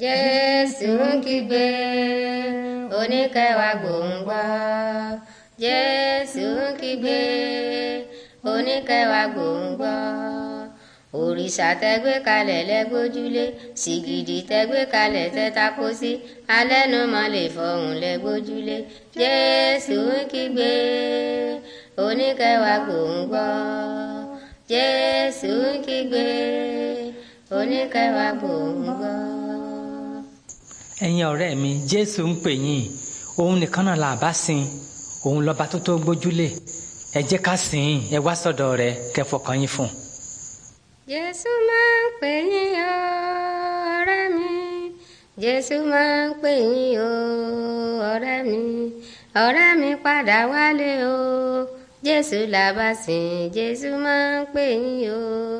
Jésù ń kígbe oníkẹwàá gbòǹgbà Jésù ń kígbe oníkẹwàá gbòǹgbà òrìṣà tẹgbẹ́ kalẹ̀ lẹ́gbójúlé sìgìdì tẹgbẹ́ kalẹ̀ tẹ́tako sí alẹ́numọ́ lè fọhùn lẹ́gbójúlé Jésù ń kígbe oníkẹwàá gbòǹgbà Jésù ń kígbe ẹ̀yin ọ̀rẹ́ mi jésù ń pè yín òun nìkan náà là bá sìn òun lọ́ba tó tó gbójúlé ẹ jẹ́ ká sìn ẹ wá sọ́dọ̀ rẹ̀ kẹ́ yín fún. jésù máa ń pè yín o mi jésù máa ń pè yín o mi ọ̀rẹ́ mi padà wálé o jésù là sìn jésù máa ń pè yín o.